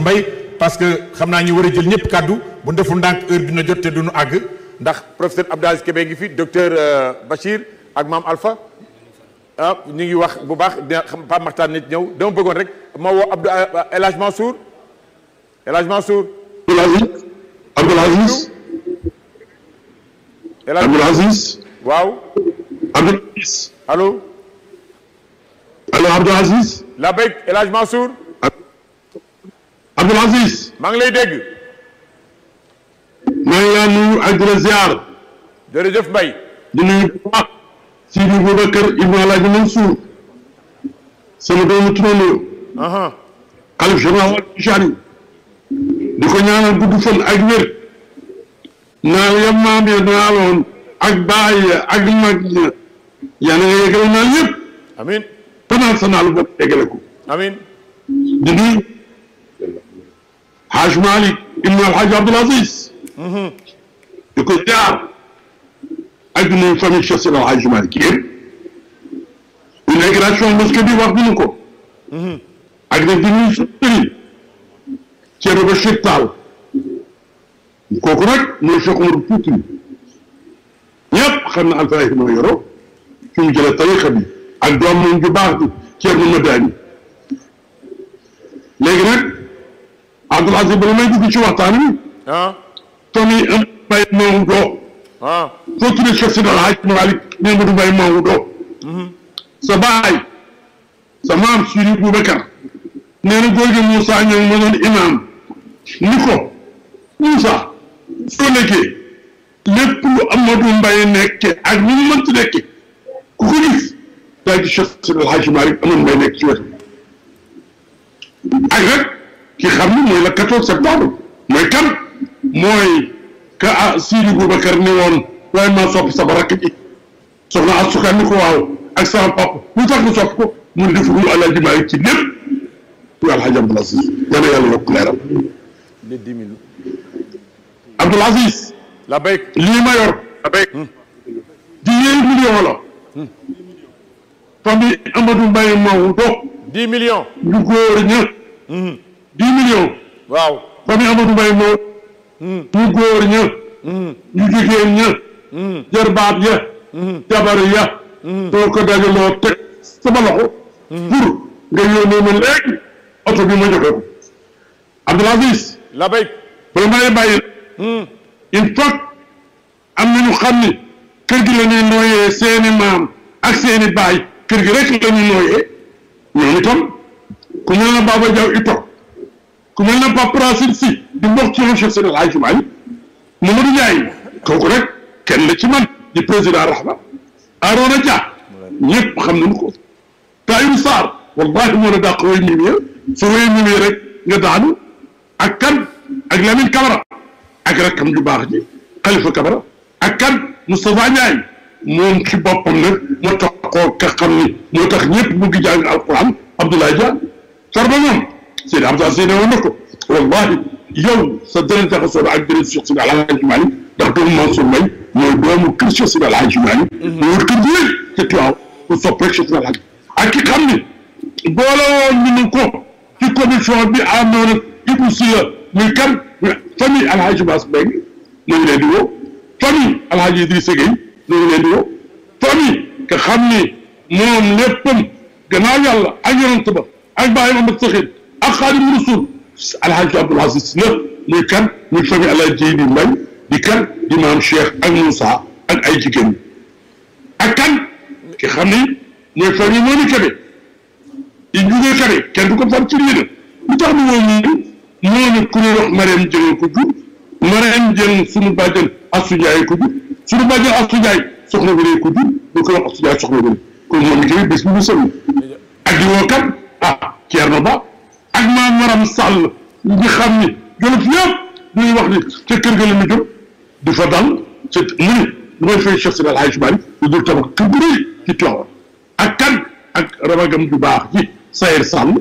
mbay parce que xam naa ñu war a jël ñëpp kàddu bu defu ndànk heure dina jot te du nu àgg ndax professeur Abdou Aziz Kébé ngi fi docteur euh, Bachir ak maam alfa ah ngi wax bu baax dina xam Pape Makhtar nit ñëw dama bëggoon rek ma woo euh, Aziz Abdou Aziz waaw. Aziz. allo. allo Aziz. la béy El Hadj Abdoul Aziz. maa ngi lay dégg. maa ngi laa nuyu ak di la ziar. jërëjëf Mbaye. di nuyu bu baax. Sidi Boubacar Ibn Alaaji Mansour. sama doomu turandoo. xalif général wal Tijaani. di ko ñaanal gudd fan ak wér. naaw ya maam ya naaloon ak baay ya ak mag ya. yaa na nga yeggale naan yëpp. amiin. te naan sa naal bopp yeggale ko. amiin. di nuyu. Hadj Malick ibn Alhaji Abdoul Aziz mm-hmm. di ko jaar ak nuyu famille Cheikh Seydi Hadj Malick yëpp inauguration mosquée bi wax nañu ko ak nag di nuyu sëriñ Thierno Bachir Tall kooku nag mooy Cheikh Omar Fouti ñëpp xam na Alfayda moo yoroo fi mu jëlee tariqa bi ak doom moom ju baax bi Thierno Madani Abdoul Aziz ba may dugg ci waxtaan wi. Ah. Tony Mbaye Mawudo. Ah. soo tuddee Cheikh Sidi El Hadj Malick nee Modou Mbaye Mawudo. Mhm. sa baay Sidi Boubacar nee na góor gi Moussa ñoom ma doon imaam ni ko soo nekkee lépp lu Amadou Mbaye nekkee ak mu mënti nekkee ku ko gis daa gis Sidi El Hadj Malick amoon Mbaye nekk ci wetu ak ki xam ne mooy la 14 septembre mooy kan mooy ka ah Sidi Boubacar ni woon waaye maa sopp sama rakk ji soxna Astou Kane ni ko waaw ak sama papa lu tax nga sopp ko mun def lu Alaaji Maalik ci lépp muy Alaaji Abdoul Aziz yàlla yàlla yokk leeram Abdoul Aziz la béy lii ma yor la béy hmm. dix millions la hmm. famille Amadou Mbaye moomu dox dix millions ñu góor ña hmm. dix millions. waaw famille Amadou Mbaye moo. ñu hmm. góor ña. Hmm. ñu jigéen ña. Hmm. jarbaat ya. jabar ya. doo ko dajaloo ma léegi oto bi ma joxe ko. Abdoul Aziz. la béy. bala ma lay bàyyi. na ñu xam ni kër seeni maam ak seeni baay kër gi rek la ku ñu la Baba Diaw ku mel ne Pape Racine Sy di mbokk ci Cheikh Seydi El Hadji Malick Mamadou Ndiaye kooku rek kenn la ci man di président Rahma Arona Dia ñëpp xam nañu ko Tahirou Sarr wallahi moo la dàq way mimier su way mimier rek nga daanu ak kan ak Lamine Camara ak rakkam ju baax ji Khalifa Camara ak kan Moustapha Ndiaye moom ci boppam nag moo tax koo ka xam ni moo tax ñëpp bëgg jàng alquran Abdoulaye Dia Farba moom Seydi Hamza Seydi woon na ko wallahi yow sa dërën jaxasoo ak dërën Cheikh Seydi Alhaji Malick ndax doomu Mansour Mbaye mooy doomu mhm. kër Cheikh Seydi Alhaji Malick mooy kër bu rëy te Tiwaawan ku sopp rek Cheikh Seydi Alhaji ak ki xam ne boole woon nañu ko ci commission bi amoon ak Ibou Siya muy kan famille Alhaji Bass Mbengue ñu ngi leen di woo famille Alhaji Idrissa Gueye ñu ngi leen di woo famille nga xam ne moom léppam gannaaw yàlla ak yonent ba ak bàyyi ma ma saxin ak Xaadimu Rasuul Alxaaji Abdul Aziz la muy kan muy fami Alaaji di kan di maam Cheikh ak ak ay jigéen ak kan ki xam ni mooy fami moomi Kebe di jugee Kebe kenn du ko far ci lii lu tax ñu woo ñu moo ñu ku ñuy wax Mariam Jeng ko jur Mariam Jeng suñu bàjjen Asu Njaay ko jur suñu bàjjen Asu Njaay soxna mu sëñ ak di ah Ceerno Ba Maram Sall nga xam ni jolof yëpp dañuy wax ni ca kër ga la ñu jóg di fa dal ca mu ni damay fay Cheikh Seydi El Hadji Malick ñu dul tabax kër gu rëy ci Tiwaawan ak kan ak rabagam ju baax ji Sayer Sall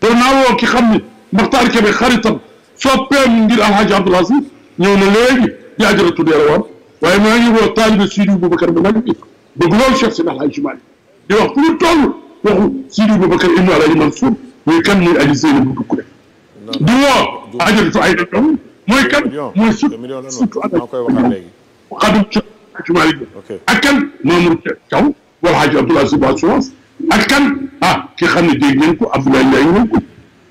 pour naa woo ki xam ni Maxtaar Kebe xaritam soppeem ngir Alhaji Abdoul Aziz ñëw na léegi di ajara tuddee rawoon waaye maa ngi woo taalibe Sidi Boubacar bu mag bi bëgg loolu Cheikh Seydi El Hadji Malick di wax fu ñu toll waxu Sidi Boubacar ibnu Alhaji Mansour mooy kan mooy Aly Seynabou Touré du woo ajatu ay doom mooy kan mooy surtout surtout xadum ci Malick ak kan Mamour Thiaw wala Hadji Abdoulaye Suba assurance ak kan ah ki xam ne dégg ngeen ko Abdoulaye Ndiaye ngeen ko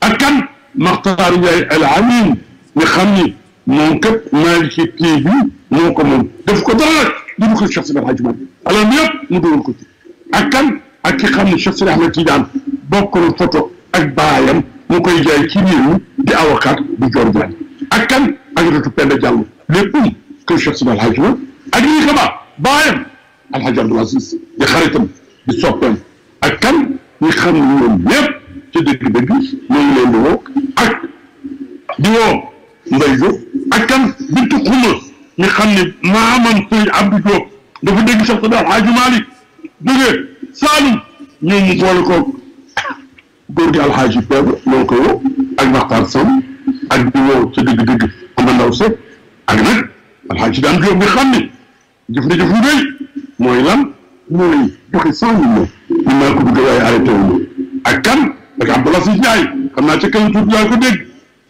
ak kan Makhtar Ndiaye El Amin nga xam ni moom képp Malick TV moo ko moom def ko dara nag du mu ko Cheikh Sidi Hadji Malick alors yëpp mu doon ko ci ak kan ak ki xam ne Cheikh Sidi Ahmed Tidiane bokk na photo ak baayam mu koy jaay ci réew mi di avocat bu jor jaan ak kan ak ratu Penda Diallo léppum kër Cheikh Sibal Hadj ma ak lii xabaar baayam Alhaji Abdoul Aziz di xaritam di soppeem ak kan ñi xam ñoom ñëpp ci dëgg-dëgg ñu ngi leen bintu xuma ñi xam maamam sëñ Abdou Diop dafa dégg Cheikh Sibal Hadj Malick jógee Saalum ñoom mu boole ko góor gi alxaaji Pèbre moo ko woo ak Sam ak di woo ca dëgg-dëgg am na ndaw Seck ak nag alxaaji daan Diop nga xam ne jëf na jëf lu rëy mooy lan mooy joxe cent millions ñu maa ko bëgg waaye arrêté wu ak kan ak Abdoulaye Sy Ndiaye xam ko dégg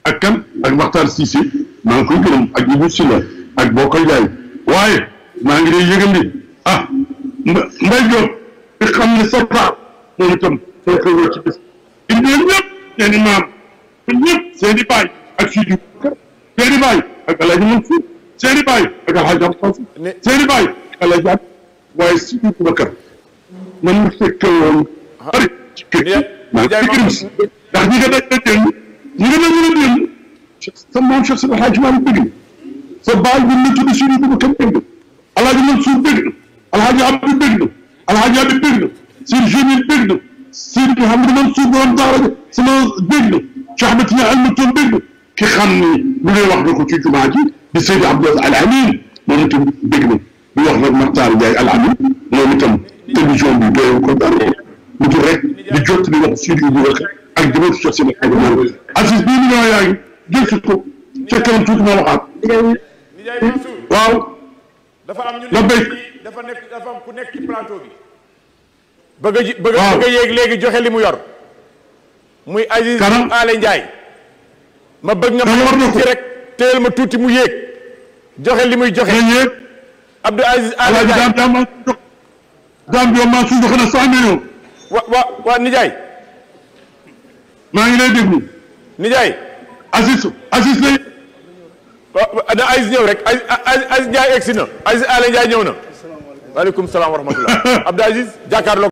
ak kan ak Maxtaar Cissé maa ngi koy gërëm ak Ibou Sylla waaye maa ngi lay yëgal ne ah Mbaye Diop nga xam ne sa ñun ñooñu ñëpp seen i maam ñun ñëpp seen i baay ak Sidi Boubacar seen i baay ak El Hadj Mansour seen i baay ak El Hadj Abdou seen i baay ak El Hadj waaye Sidi Boubacar man mu fekk woon ah. bari ci kër gi ndax ñi nga dañ leen jënd ñi nga dañ leen jënd sa maam Cheikh Sidi Hadj Malick bëgg na sa baay bi mu tudd Sidi Boubacar bëgg na El Hadj Mansour bëgg na El Hadj Abdou bëgg na El Hadj Abdou bëgg na Sidi Jamil bëgg na Seydi Mouhamed Mansour borom daara bi sama dégg la ci Ahmed Tidiane Al Maktoum dégg ki xam ni lu ngay wax na ko ci jumaa ji di Seydi Abdoul Al Amin moom itam dégg na di wax nag Makhtar Ndiaye Al Amin moom itam télévision bi doyoon ko dara mu tur rek di jot li wax Seydi Ibou Bakar ak di ma bii mu ñëw yaa ngi jël si ko ca kanam tuuti ma waxaat waaw la béy dafa nekk dafa am ku nekk ci bëgg a ji a a yéeg léegi joxe li mu yor. muy Aziz Aly Ndiaye. ma bëgg nga ma tuuti rek téyel ma tuuti mu yéeg. joxe li muy joxe. Abdou Aziz Aly Ndiaye Gambie joxe na cent millions. wa wa waa maa ngi lay déglu. Ndiaye. Aziz Aziz lay. waaw Aziz ñëw rek Aziz Aziz a egsi na. Aziz Aly Ndiaye ñëw salaam wa rahmatulah. Abdou Aziz jàkkaarloo.